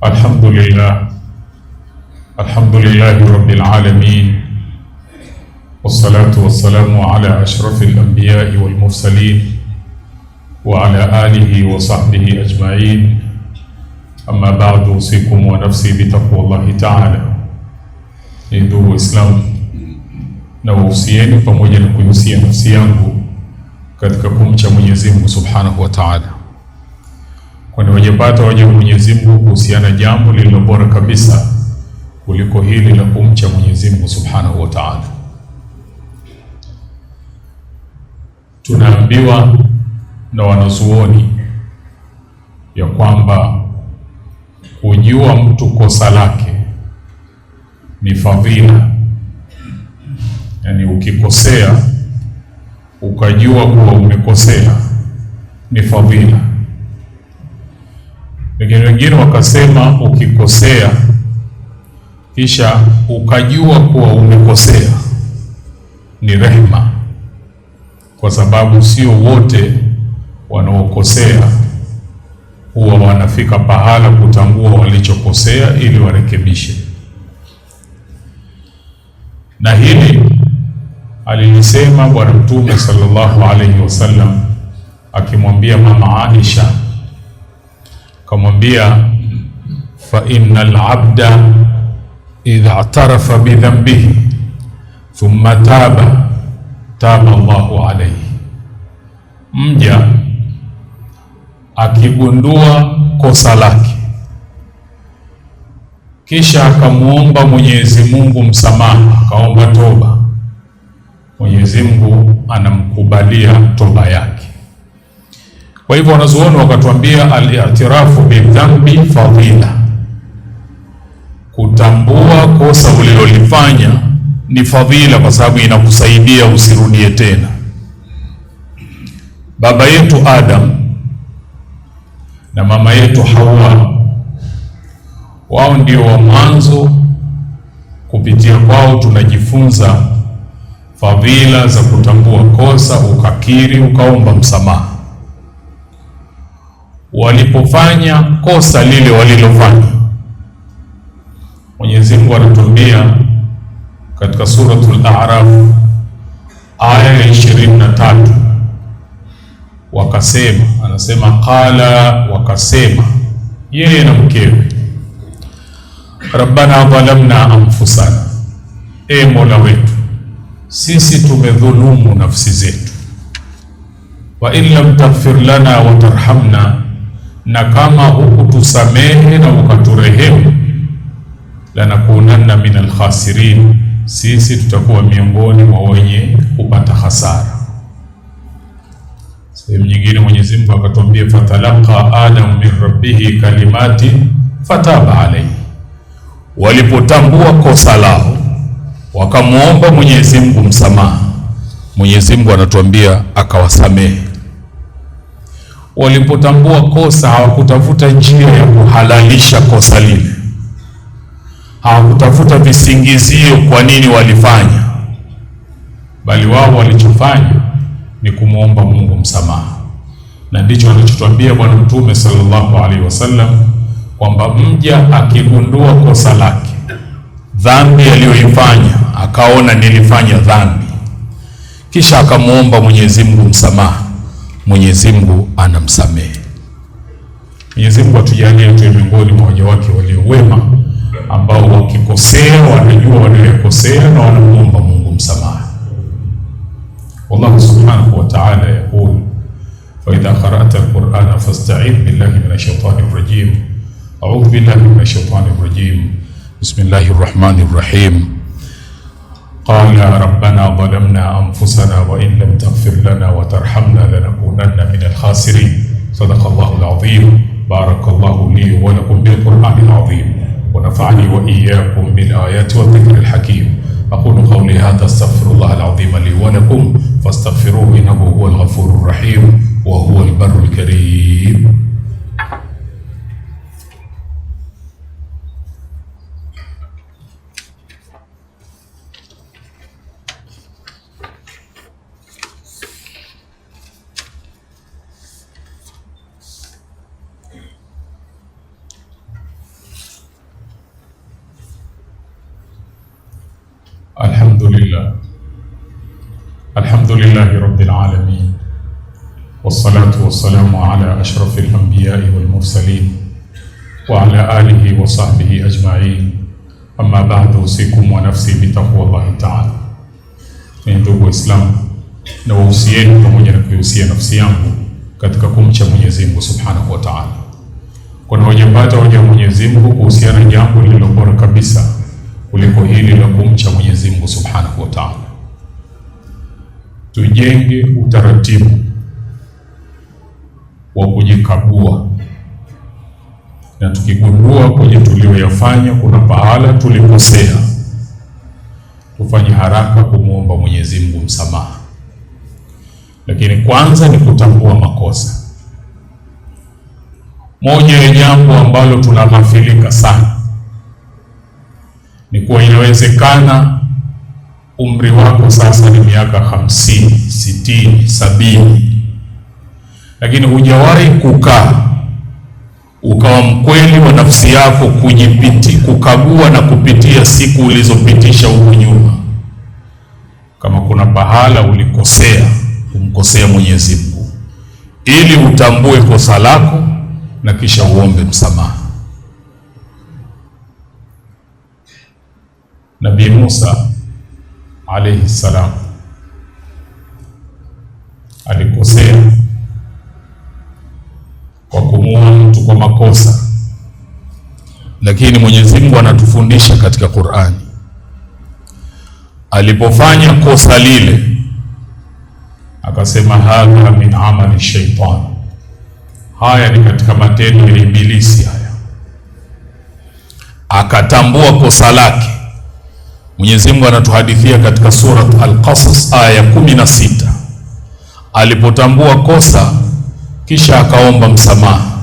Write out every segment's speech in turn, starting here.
Alhamdulillah, alhamdulillahi rabbil alamin wassalatu wassalamu ala ashrafil anbiyai wal mursalin wa ala alihi wa sahbihi ajmain amma ba'du, usikum wa nafsi bitaqwallahi ta'ala. Ni ndugu Waislamu, na wahusieni pamoja na kuihusia nafsi yangu katika kumcha Mwenyezi Mungu subhanahu wa ta'ala kwani wajapata wajibu Mwenyezi Mungu kuhusiana jambo lililo bora kabisa kuliko hili la kumcha Mwenyezi Mungu Subhanahu wa Ta'ala. Tunaambiwa na wanazuoni ya kwamba kujua mtu kosa lake ni fadhila, yaani ukikosea ukajua kuwa umekosea ni fadhila lakini wengine wakasema ukikosea kisha ukajua kuwa umekosea ni rehema, kwa sababu sio wote wanaokosea huwa wanafika pahala kutambua walichokosea ili warekebishe. Na hili alilisema Bwana Mtume sallallahu alaihi wasallam akimwambia Mama Aisha kamwambia fa inna alabda idha tarafa bidhambihi thumma taba taba Allahu alaihi, mja akigundua kosa lake kisha akamwomba Mwenyezi Mungu msamaha, akaomba toba, Mwenyezi Mungu anamkubalia toba yake. Kwa hivyo wanazuoni wakatuambia al-i'tirafu bidhambi fadhila, kutambua kosa ulilolifanya ni fadhila, kwa sababu inakusaidia usirudie tena. Baba yetu Adam na mama yetu Hawa, wao ndio wa mwanzo. Kupitia kwao tunajifunza fadhila za kutambua kosa, ukakiri, ukaomba msamaha walipofanya kosa lile walilofanya. Mwenyezi Mungu anatuambia katika suratul A'raf aya ya ishirini na tatu wakasema, anasema qala, wakasema yeye na mkewe, rabbana dhalamna anfusana, e Mola wetu sisi tumedhulumu nafsi zetu, wa in lam taghfir lana wa tarhamna na kama hukutusamehe na ukaturehemu, lanakunanna min alkhasirin, sisi tutakuwa miongoni mwa wenye kupata hasara. Sehemu nyingine Mwenyezi Mungu akatwambia, fatalaqa adamu min rabbihi kalimati fataba alaihi, walipotambua kosa lao wakamwomba Mwenyezi Mungu msamaha, Mwenyezi Mungu anatuambia akawasamehe walipotambua kosa hawakutafuta njia ya kuhalalisha kosa lile, hawakutafuta visingizio kwa nini walifanya, bali wao walichofanya ni kumwomba Mungu msamaha, na ndicho alichotuambia Bwana Mtume sallallahu alaihi wasallam kwamba mja akigundua kosa lake, dhambi aliyoifanya, akaona nilifanya dhambi, kisha akamwomba Mwenyezi Mungu msamaha Mwenyezi Mungu anamsamehe. Mwenyezi Mungu atujalie tuwe miongoni mwa waja wake walio wema ambao wakikosea wanajua wanayokosea na wanamuomba Mungu msamaha. Wallahu subhanahu wa ta'ala yaqul fa idha qara'ta al-Qur'ana fasta'idh billahi minash shaitani rajim. A'udhu billahi minash shaitani rajim. Bismillahir rahmanir rahim. قال ربنا ظلمنا أنفسنا وإن لم تغفر لنا وترحمنا لنكونن من الخاسرين صدق الله العظيم بارك الله لي ولكم بالقرآن العظيم ونفعني وإياكم بالآيات والذكر الحكيم أقول قولي هذا استغفر الله العظيم لي ولكم فاستغفروه إنه هو الغفور الرحيم وهو البر الكريم والسلام على أشرف الأنبياء والمرسلين وعلى آله وصحبه أجمعين أما بعد أوصيكم ونفسي بتقوى الله تعالى. Ndugu Waislamu, na wausieni pamoja na kuihusia nafsi yangu katika kumcha Mwenyezi Mungu Subhanahu wa Ta'ala. Kuna hoja wa Mwenyezi Mungu kuhusiana jambo lililo bora kabisa kuliko hili la kumcha Mwenyezi Mungu Subhanahu wa Ta'ala. Tujenge utaratibu wa kujikagua, na tukigundua kwenye tuliyoyafanya kuna pahala tulikosea, tufanye haraka kumwomba Mwenyezi Mungu msamaha. Lakini kwanza ni kutambua makosa. Moja ya jambo ambalo tunahafilika sana ni kuwa inawezekana umri wako sasa ni miaka hamsini, sitini, sabini lakini hujawahi kukaa ukawa mkweli wa nafsi yako, kujipiti kukagua na kupitia siku ulizopitisha huko nyuma, kama kuna pahala ulikosea, kumkosea Mwenyezi Mungu, ili utambue kosa lako na kisha uombe msamaha. Nabii Musa alaihi salam makosa, lakini Mwenyezi Mungu anatufundisha katika Qur'ani, alipofanya kosa lile akasema hadha min amali shaitan, haya ni katika matendo ya ibilisi. Haya akatambua kosa lake. Mwenyezi Mungu anatuhadithia katika Surat Al-Qasas aya ya kumi na sita alipotambua kosa kisha akaomba msamaha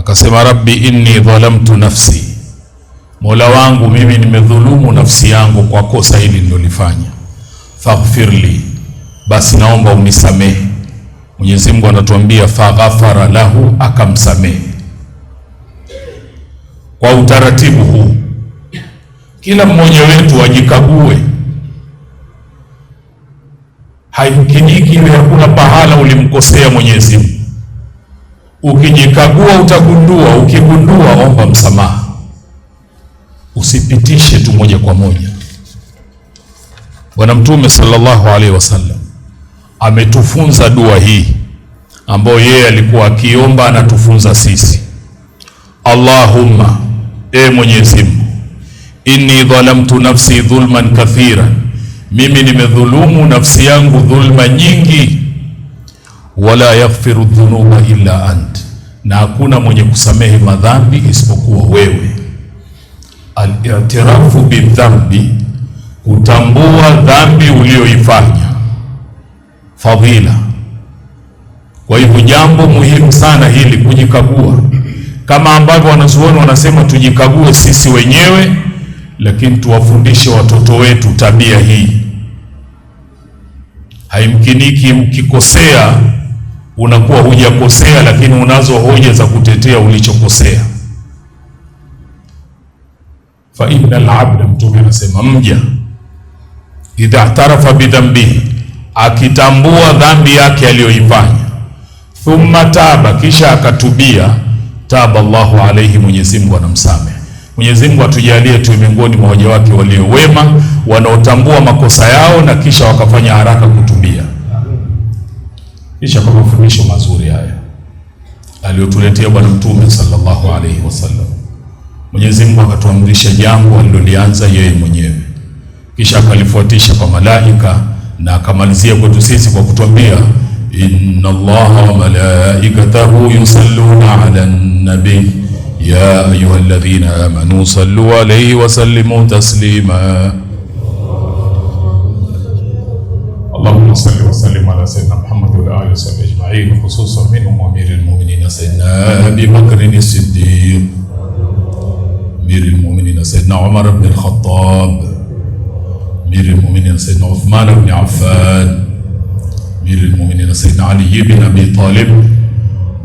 akasema rabbi inni dhalamtu nafsi, mola wangu mimi nimedhulumu nafsi yangu kwa kosa hili nilolifanya, faghfirli, basi naomba unisamehe. Mwenyezi Mungu anatuambia faghafara lahu, akamsamehe kwa utaratibu huu. Kila mmoja wetu ajikague. Haikiniki hakuna pahala ulimkosea Mwenyezi Mungu Ukijikagua utagundua, ukigundua omba msamaha, usipitishe tu moja kwa moja. Bwana Mtume sallallahu alaihi wasallam ametufunza dua hii ambayo yeye alikuwa akiomba, anatufunza sisi, Allahumma, e Mwenyezi Mungu, inni dhalamtu nafsi dhulman kathira, mimi nimedhulumu nafsi yangu dhulma nyingi wala yaghfiru dhunuba illa ant, na hakuna mwenye kusamehe madhambi isipokuwa wewe. Al-i'tirafu bidhambi, kutambua dhambi uliyoifanya, fadhila. Kwa hivyo jambo muhimu sana hili, kujikagua, kama ambavyo wanazuoni wanasema tujikague sisi wenyewe, lakini tuwafundishe watoto wetu tabia hii. Haimkiniki mkikosea unakuwa hujakosea, lakini unazo hoja za kutetea ulichokosea. Fa inna al-abda, Mtume anasema mja idha tarafa bidhambihi, akitambua dhambi yake aliyoifanya, thumma taba, kisha akatubia, taba Allahu alayhi, Mwenyezi Mungu anamsamehe. Mwenyezi Mungu atujalie tuwe miongoni mwa waja wake walio wema wanaotambua makosa yao na kisha wakafanya haraka kutubia kisha kwa mafundisho mazuri haya aliyotuletea Bwana Mtume sallallahu alaihi wasallam, Mwenyezi Mungu akatuamrisha jambo alilolianza yeye mwenyewe, kisha akalifuatisha kwa malaika na akamalizia kwetu sisi kwa kutuambia inna allaha wa malaikatahu yusalluna ala nabi ya ayuha alladhina amanu sallu alaihi wasallimu taslima وسلم اجمعين خصوصا منهم امير المؤمنين سيدنا ابي بكر الصديق امير المؤمنين سيدنا عمر بن الخطاب امير المؤمنين سيدنا عثمان بن عفان امير المؤمنين سيدنا علي بن ابي طالب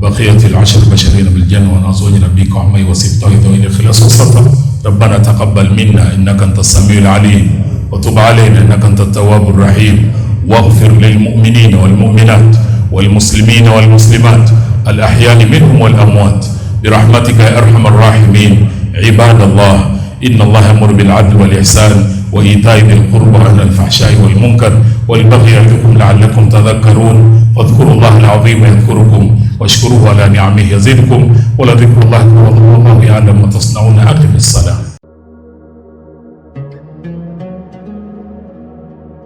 بقية العشر بشرين بالجنة وأنا بك عمي وسبته ذوين الخلاص والسطر ربنا تقبل منا إنك أنت السميع العليم وتب علينا إنك أنت التواب الرحيم واغفر للمؤمنين والمؤمنات والمسلمين والمسلمات الأحياء منهم والأموات برحمتك يا أرحم الراحمين عباد الله إن الله يأمر بالعدل والإحسان وإيتاء ذي القربى عن الفحشاء والمنكر والبغي يعظكم لعلكم تذكرون فاذكروا الله العظيم يذكركم واشكروه على نعمه يزدكم ولذكر الله أكبر والله يعلم ما تصنعون أقم الصلاة